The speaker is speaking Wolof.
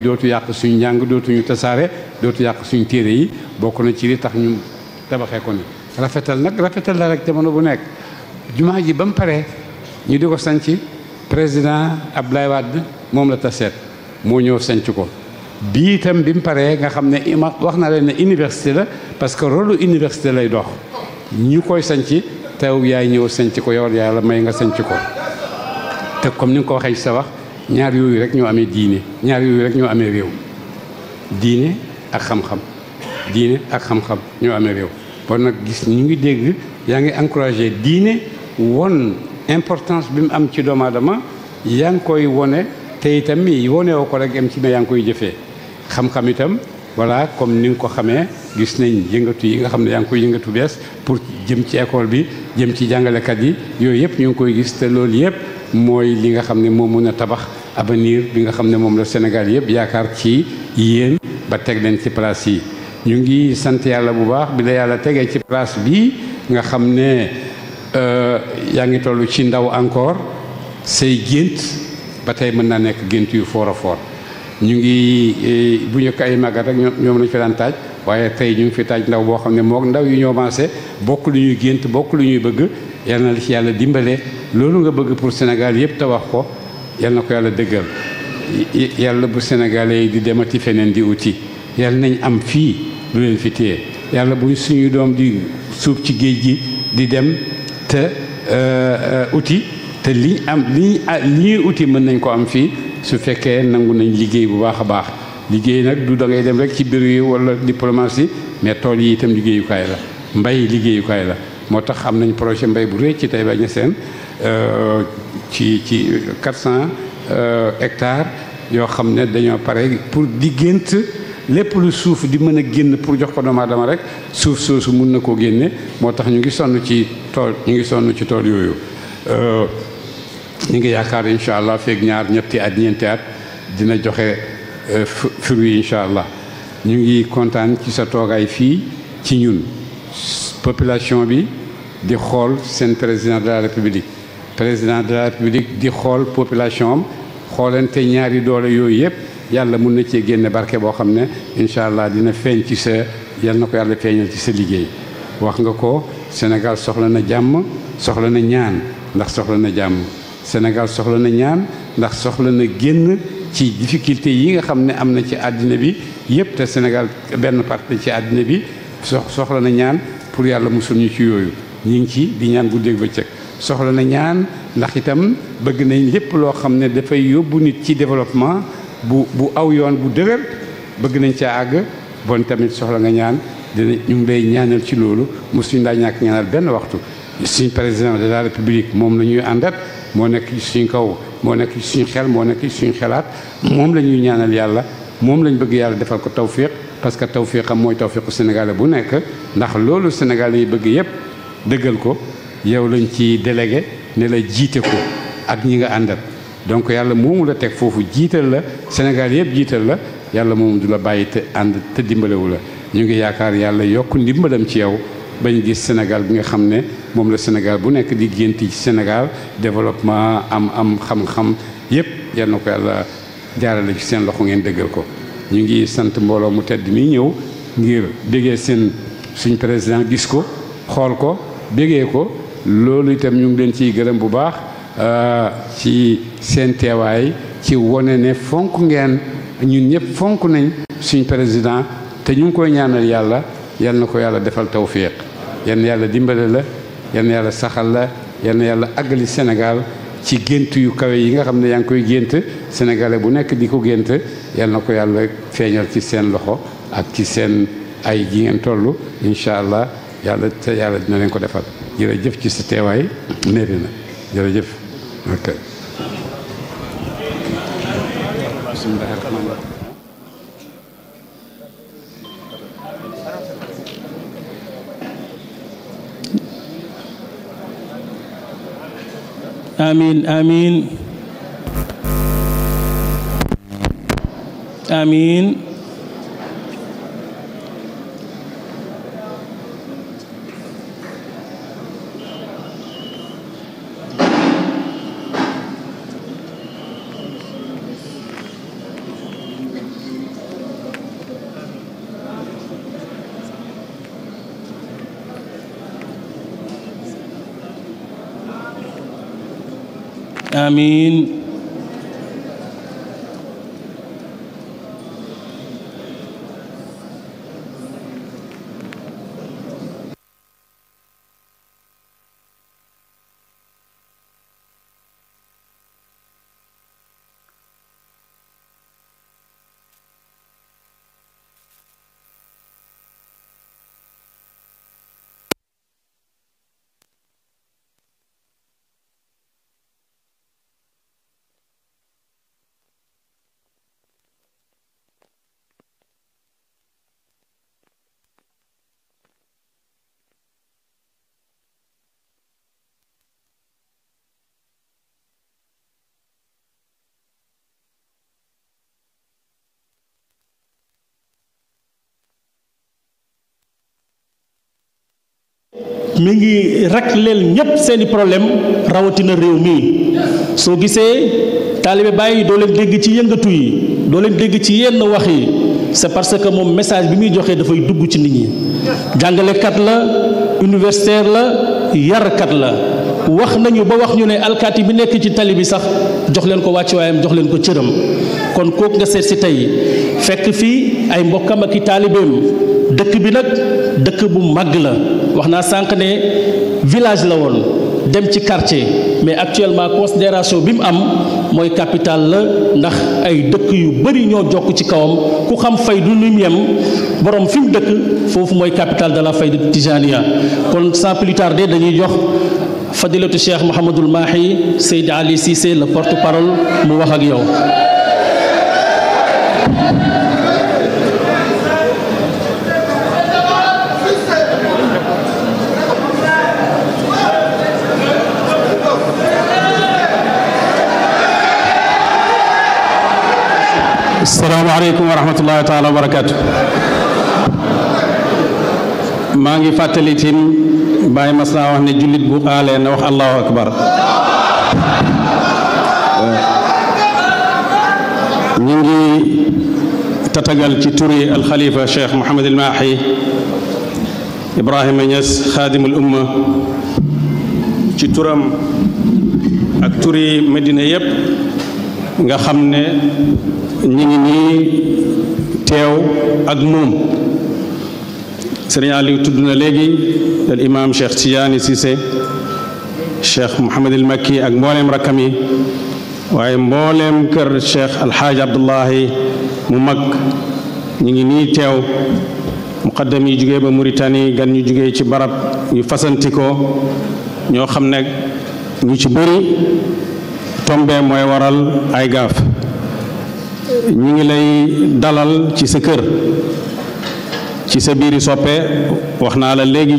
dootu yàq suñu njàng dootuñu tasaare dootu yàq suñu téere yi bokk na ci li tax ñu tabaxee ko ni rafetal nag rafetal la rek jamono bu nekk jumaa ji ba mu paree ñu di ko sanc président ab Abdoulaye Wade moom la taseet moo ñëw sanc ko bii itam bi mu paree nga xam ne ima wax na leen ne université la parce que rôle université lay dox ñu koy sanc teew yaay ñëw sanc ko yow yàlla may nga sanc ko te comme ni nga ko waxee ci sa wax ñaar yooyu rek ñoo amee diine ñaar yooyu rek ñoo amee réew diine ak xam-xam diine ak xam-xam ñoo amee réew bon nag gis ñu ngi dégg yaa ngi encouragé diine won importance bi mu am ci doomaadama yaa ngi koy wone te itam mi wone woo ko rek am ci mais yaa ngi koy jëfee xam-xam itam voilà comme ni nga ko xamee gis nañ yëngatu yi nga xam ne yaa ngi koy yëngatu bees pour jëm ci école bi jëm ci jàngalekat yi yooyu yëpp ñu ngi koy gis te loolu yëpp mooy li nga xam ne moo mun a tabax abenir bi nga xam ne moom la Sénégal yëpp yaakaar ci yéen ba teg leen ci place yi ñu ngi sant yàlla bu baax bi la yàlla tegee ci place bi nga xam ne euh, yaa ngi toll ci ndaw encore say gént ba tey mën naa nekk gént yu foor a foor ñu ngi euh, bu ñu ko ay màggat rek ñoom lañu fi daan taaj waaye tey ñu ngi fi taaj ndaw boo xam ne moog ndaw yu ñoo maase bokk lu ñuy gént bokk lu ñuy bëgg yal na la ci yàlla dimbale loolu nga bëgg pour Sénégal yëpp te wax ko yal na ko yàlla dëggal yàlla bu sénégalais yi di demati feneen di uti yàlla nañ am fii lu leen fi yàlla bu suñu doom di suuf ci géej gi di dem te euh, uti te liñ am liñ li ñuy uti mën nañ ko am fii su fekkee nangu nañ liggéey bu baax a baax liggéey nag du da dem rek ci bureau yi wala diplomatie mais tool yi itam liggéeyukaay la mbay liggéeyukaay la moo tax am nañ projet mbay bu rëy ci bañ Taïba Niassène euh, ci ci quatre cent euh, hectares yoo xam ne dañoo pare pour di gént lépp lu suuf di mën a génn pour jox ko doomu aadama rek suuf soosu mun na koo génne moo tax ñu ngi sonn ci tool ñu ngi sonn ci tool yooyu euh, ñu ngi yaakaar incha allah feeg ñaar ñetti at ñeenti at dina joxe euh, fruit incha allah ñu ngi kontaan ci sa toogaay fii ci ñun population bi di xool seen président de la république président de la république di xool population am te ñaari doole yooyu yëpp yàlla mun na cee génne barke boo xam ne incha allah dina feeñ ci sa yal na ko yàlla feeñal ci sa liggéey wax nga ko Sénégal soxla na jàmm soxla na ñaan ndax soxla na jàmm Sénégal soxla na ñaan ndax soxla na génn ci difficulté yi nga xam ne am na ci àddina bi yëpp te Sénégal benn parti ci àddina bi sox soxla na ñaan pour yàlla mosul ñu ci yooyu ñu ngi ci di ñaan guddeeg bëccëg soxla na ñaan ndax itam bëgg nañ lépp loo xam ne dafay yóbbu nit ci développement bu bu aw yoon bu dëgër bëgg nañ caa àgg bon tamit soxla nga ñaan dina ñu ngi lay ñaanal ci loolu mosuñ daa ñàkk ñaanal benn waxtu suñ président de la république moom la ñuy àndat moo nekk ci suñ kaw moo nekk ci suñ xel moo nekk ci suñ xelaat moom la ñuy ñaanal yàlla moom lañ bëgg yàlla defal ko tawfiq parce que tawfiqam mooy tawfiqu sénégalais bu nekk ndax loolu sénégalais yi bëgg yépp dëggal ko yow lañ ci délégué ne la jiite ko ak ñi nga àndal donc yàlla moomu la teg foofu jiital la Sénégal yëpp jiital la yàlla moom du la bàyyi te ànd te dimbalewu la ñu ngi yaakaar yàlla yokk ndimbalam ci yow ñu gis Sénégal bi nga xam ne moom la Sénégal bu nekk di génti ci senegal développement am am xam-xam yëpp yal na ko yàlla jaarale ci seen loxo ngeen dëggal ko ñu ngi sant mbooloo mu tedd mi ñëw ngir déggee seen suñ président gis ko xool ko bégee ko loolu itam ñu ngi leen ciy gërëm bu baax euh, ci seen teewaay ci wone ne fonk ngeen ñun ñëpp fonk nañ suñ président te ñu ngi koy ñaanal yàlla yal ko yàlla defal tawfiq yal na yàlla dimbale la yal na yàlla saxal la yàlla àggali Sénégal ci gént yu kawe yi nga xam ne yaa ngi koy gént sénégalais bu nekk di ko gént yal ko yàlla feeñal ci seen loxo ak ci seen ay ji ngeen toll incha allah yàlla te yàlla dina leen ko defal jërëjëf ci sa teewaay néeri na jërëjëf ok amiin amiin amiin amiin mi ngi rakleel ñépp seeni problème rawatina réew mi soo gisee taalibe bàyyi doo leen dégg ci yëngatu yi doo leen dégg ci yenn wax yi c'est parce que moom message bi muy joxee dafay dugg ci nit ñi jàngalekat la universitaire la yarkat la wax nañu ba wax ñu ne alkaati bi nekk ci tali bi sax jox leen ko wàccuwaayam jox leen ko cëram kon kook nga seet si tey fekk fii ay mbokkam ak i taalibeem dëkk bi nag dëkk bu màgg la wax naa sànq ne village la woon dem ci quartier mais actuellement considération bi mu am mooy capital la ndax ay dëkk yu bëri ñoo jokk ci kawam ku xam faydu ni mu yem borom fi mu dëkk foofu mooy capital de la faydu tijaniya kon sans plus dañuy jox fadilatu cheikh Mouhamadul Mahi Seyd Ali Cissé le porte-parole mu wax ak yow asalaamaaleykum wa rahmatullahi taala wa barakaatu maa ngi fàttali tin bàyyi mas naa wax ne jullit bu aalee na wax allahu akbar ñu ngi tatagal ci turi alxalifa cheikh Mouhamed El Mahi Ibrahima Niass xaadimul umma ci turam ak turi Medina yépp nga xam ne ñi ngi teew ak moom sëriñ Aliou tudd na léegi al imaam Cheikh sise Cissé Cheikh Mouhamed El Makki ak mbooleem rakkam yi waaye mboolem kër Cheikh Alxaaji Abdullahi mu mag ñi ngi nii teew muqaddam yi jógee ba Mauritanie gan ñu jógee ci barab ñu fasantikoo ñoo xam ne ñu ci bëri tombee mooy waral ay gaaf ñi ngi lay dalal ci sa kër ci sa biiri soppe wax naa la léegi